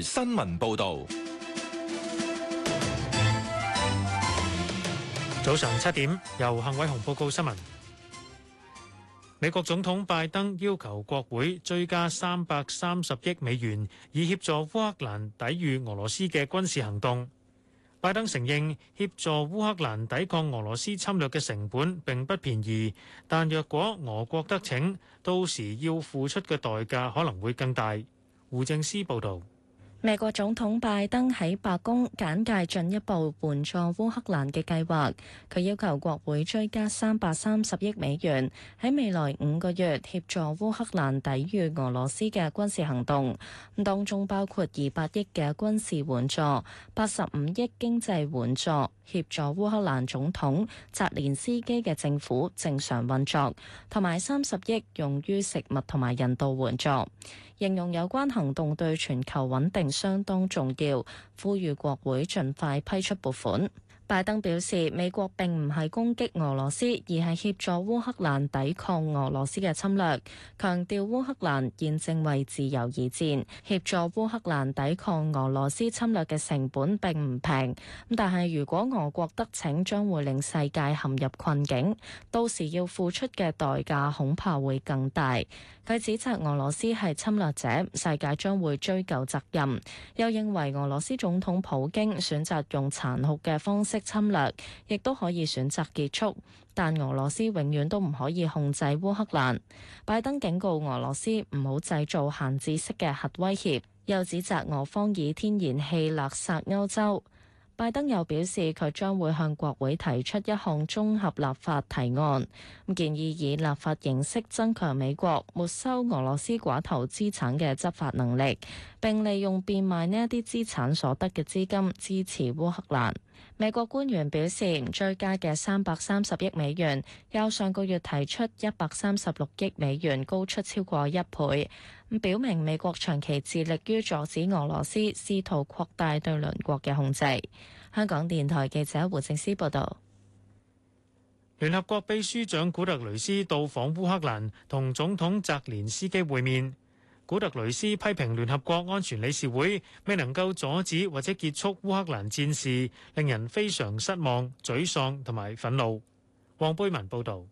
新聞報道，早上七點由幸偉雄報告新聞。美國總統拜登要求國會追加三百三十億美元，以協助烏克蘭抵禦俄羅斯嘅軍事行動。拜登承認協助烏克蘭抵抗俄羅斯侵略嘅成本並不便宜，但若果俄國得逞，到時要付出嘅代價可能會更大。胡正思報道。美國總統拜登喺白宮簡介進一步援助烏克蘭嘅計劃，佢要求國會追加三百三十億美元，喺未來五個月協助烏克蘭抵禦俄羅斯嘅軍事行動。當中包括二百億嘅軍事援助、八十五億經濟援助，協助烏克蘭總統澤連斯基嘅政府正常運作，同埋三十億用於食物同埋人道援助。形容有關行動對全球穩定相當重要，呼籲國會盡快批出撥款。拜登表示，美國並唔係攻擊俄羅斯，而係協助烏克蘭抵抗俄羅斯嘅侵略。強調烏克蘭現正為自由而戰，協助烏克蘭抵抗俄羅斯侵略嘅成本並唔平。咁但係如果俄國得逞，將會令世界陷入困境，到時要付出嘅代價恐怕會更大。佢指責俄羅斯係侵略者，世界將會追究責任。又認為俄羅斯總統普京選擇用殘酷嘅方式。侵略，亦都可以選擇結束，但俄羅斯永遠都唔可以控制烏克蘭。拜登警告俄羅斯唔好製造限制式嘅核威脅，又指責俄方以天然氣勒殺歐洲。拜登又表示，佢將會向國會提出一項綜合立法提案，建議以立法形式增強美國沒收俄羅斯寡頭資產嘅執法能力，並利用變賣呢一啲資產所得嘅資金支持烏克蘭。美國官員表示，追加嘅三百三十億美元，較上個月提出一百三十六億美元，高出超過一倍，表明美國長期致力於阻止俄羅斯試圖擴大對鄰國嘅控制。香港電台記者胡正思報道，聯合國秘書長古特雷斯到訪烏克蘭，同總統澤連斯基會面。古特雷斯批評聯合國安全理事會未能夠阻止或者結束烏克蘭戰事，令人非常失望、沮喪同埋憤怒。黃貝文報導。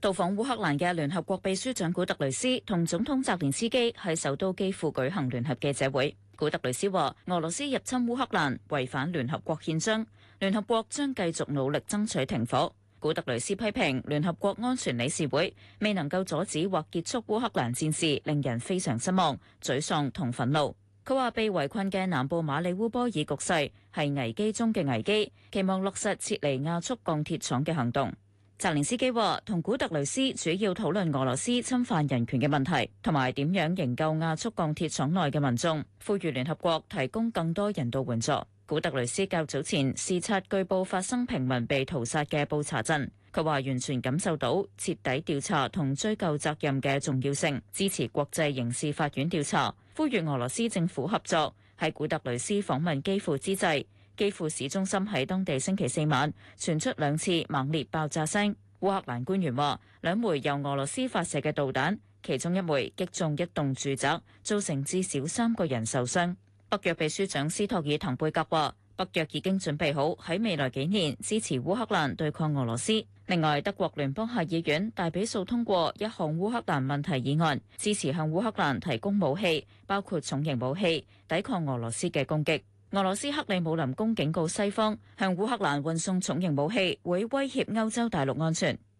到訪烏克蘭嘅聯合國秘書長古特雷斯同總統澤連斯基喺首都基輔舉行聯合記者會。古特雷斯話：俄羅斯入侵烏克蘭違反聯合國憲章，聯合國將繼續努力爭取停火。古特雷斯批評聯合國安全理事會未能夠阻止或結束烏克蘭戰事，令人非常失望、沮喪同憤怒。佢話被圍困嘅南部馬里烏波爾局勢係危機中嘅危機，期望落實撤離亞速鋼鐵廠嘅行動。澤連斯基話同古特雷斯主要討論俄羅斯侵犯人權嘅問題，同埋點樣營救亞速鋼鐵廠內嘅民眾，呼籲聯合國提供更多人道援助。古特雷斯較早前視察據報發生平民被屠殺嘅布查鎮，佢話完全感受到徹底調查同追究責任嘅重要性，支持國際刑事法院調查，呼籲俄羅斯政府合作。喺古特雷斯訪問基輔之際，基輔市中心喺當地星期四晚傳出兩次猛烈爆炸聲。烏克蘭官員話，兩枚由俄羅斯發射嘅導彈，其中一枚擊中一棟住宅，造成至少三個人受傷。北約秘書長斯托爾滕貝格話：北約已經準備好喺未來幾年支持烏克蘭對抗俄羅斯。另外，德國聯邦下議院大比數通過一項烏克蘭問題議案，支持向烏克蘭提供武器，包括重型武器，抵抗俄羅斯嘅攻擊。俄羅斯克里姆林宮警告西方，向烏克蘭運送重型武器會威脅歐洲大陸安全。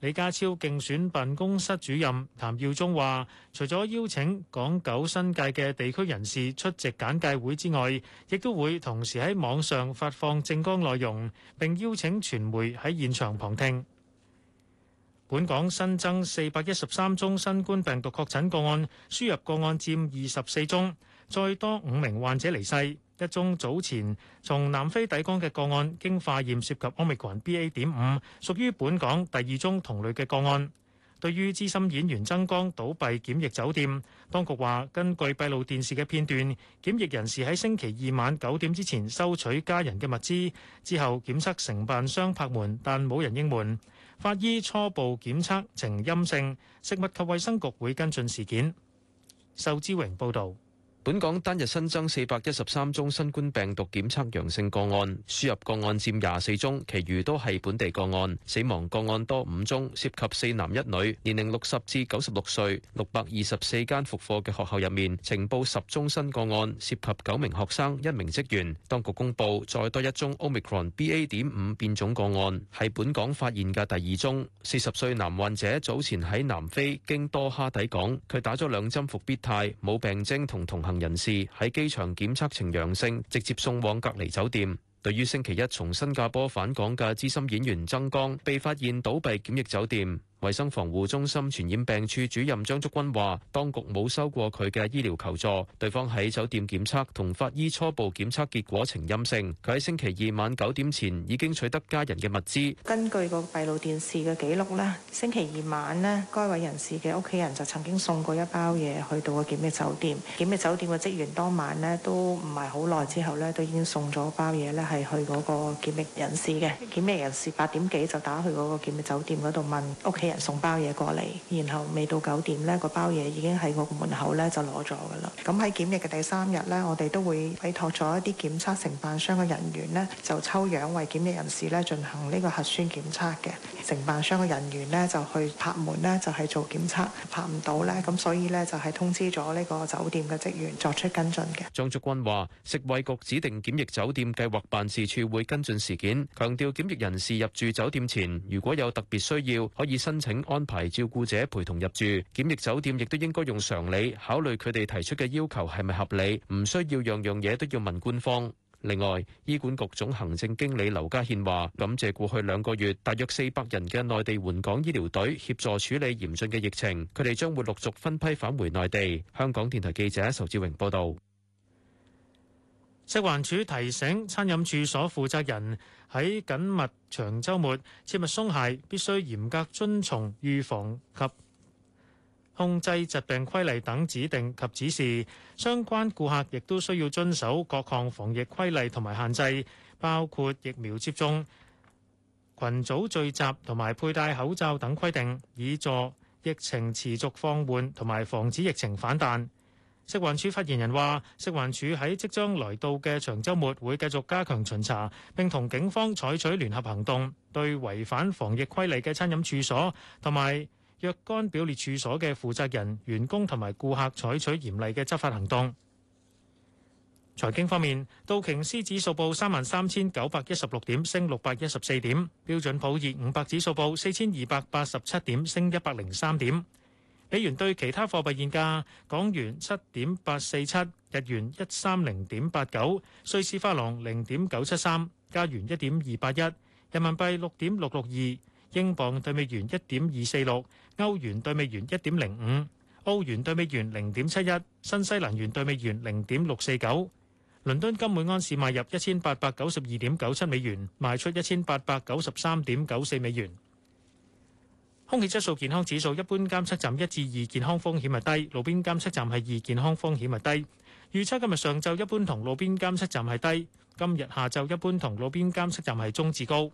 李家超競選辦公室主任譚耀宗話，除咗邀請港九新界嘅地區人士出席簡介會之外，亦都會同時喺網上發放政綱內容，並邀請傳媒喺現場旁聽。本港新增四百一十三宗新冠病毒確診個案，輸入個案佔二十四宗。再多五名患者離世，一宗早前從南非抵港嘅個案，經化驗涉及 Omicron BA. 點五，屬於本港第二宗同類嘅個案。對於資深演員曾江倒閉檢疫酒店，當局話根據閉路電視嘅片段，檢疫人士喺星期二晚九點之前收取家人嘅物資，之後檢測承辦商拍門，但冇人應門，法醫初步檢測呈陰性，食物及衛生局會跟進事件。壽之榮報道。本港單日新增四百一十三宗新冠病毒檢測陽性個案，輸入個案佔廿四宗，其餘都係本地個案。死亡個案多五宗，涉及四男一女，年齡六十至九十六歲。六百二十四間復課嘅學校入面，呈報十宗新個案，涉及九名學生、一名職員。當局公布再多一宗 Omicron BA 點五變種個案，係本港發現嘅第二宗。四十歲男患者早前喺南非經多哈抵港，佢打咗兩針復必泰，冇病徵同同行人士喺機場檢測呈陽性，直接送往隔離酒店。對於星期一從新加坡返港嘅資深演員曾江，被發現倒斃檢疫酒店。衛生防護中心傳染病處主任張竹君話，當局冇收過佢嘅醫療求助。對方喺酒店檢測同法醫初步檢測結果呈陰性。佢喺星期二晚九點前已經取得家人嘅物資。根據個閉路電視嘅記錄呢，星期二晚呢，該位人士嘅屋企人就曾經送過一包嘢，去到個檢疫酒店。檢疫酒店嘅職員當晚呢都唔係好耐之後呢，都已經送咗包嘢呢，係去嗰個檢疫人士嘅。檢疫人士八點幾就打去嗰個檢疫酒店嗰度問屋企人送包嘢過嚟，然後未到九點咧，個包嘢已經喺個門口咧就攞咗噶啦。咁喺檢疫嘅第三日咧，我哋都會委託咗一啲檢測承辦商嘅人員咧，就抽樣為檢疫人士咧進行呢個核酸檢測嘅。承辦商嘅人員咧就去拍門咧，就係做檢測，拍唔到咧，咁所以咧就係通知咗呢個酒店嘅職員作出跟進嘅。張竹君話：食衛局指定檢疫酒店計劃辦事處會跟進事件，強調檢疫人士入住酒店前如果有特別需要，可以申。申請安排照顧者陪同入住，檢疫酒店亦都應該用常理考慮佢哋提出嘅要求係咪合理，唔需要樣樣嘢都要問官方。另外，醫管局總行政經理劉家憲話，感謝過去兩個月大約四百人嘅內地援港醫療隊協助處理嚴峻嘅疫情，佢哋將會陸續分批返回內地。香港電台記者仇志榮報道。食環署提醒餐飲處所負責人，喺緊密長週末切勿鬆懈，必須嚴格遵從預防及控制疾病規例等指定及指示。相關顧客亦都需要遵守各項防疫規例同埋限制，包括疫苗接種、群組聚集同埋佩戴口罩等規定，以助疫情持續放緩同埋防止疫情反彈。食環署發言人話：食環署喺即將來到嘅長周末會繼續加強巡查，並同警方採取聯合行動，對違反防疫規例嘅餐飲處所同埋若干表列處所嘅負責人、員工同埋顧客採取嚴厲嘅執法行動。財經方面，道瓊斯指數報三萬三千九百一十六點，升六百一十四點；標準普爾五百指數報四千二百八十七點，升一百零三點。美元兌其他貨幣現價：港元七點八四七，日元一三零點八九，瑞士法郎零點九七三，加元一點二八一，人民幣六點六六二，英鎊對美元一點二四六，歐元對美元一點零五，澳元對美元零點七一，新西蘭元對美元零點六四九。倫敦金每安士賣入一千八百九十二點九七美元，賣出一千八百九十三點九四美元。空氣質素健康指數一般監測站一至二，健康風險係低，路邊監測站係二，健康風險係低。預測今日上晝一般同路邊監測站係低，今日下晝一般同路邊監測站係中至高。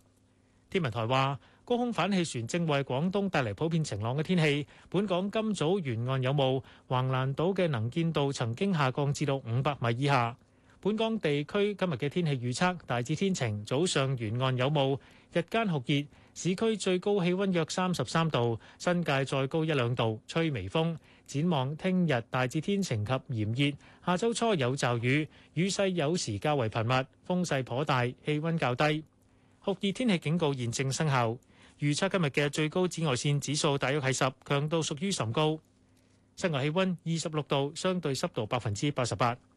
天文台話，高空反氣旋正為廣東帶嚟普遍晴朗嘅天氣。本港今早沿岸有霧，橫瀾島嘅能見度曾經下降至到五百米以下。本港地區今日嘅天氣預測大致天晴，早上沿岸有霧，日間酷熱。市區最高氣温約三十三度，新界再高一兩度，吹微風。展望聽日大致天晴及炎熱，下周初有驟雨，雨勢有時較為頻密，風勢頗大，氣温較低。酷熱天氣警告現正生效，預測今日嘅最高紫外線指數大約係十，強度屬於甚高。室外氣温二十六度，相對濕度百分之八十八。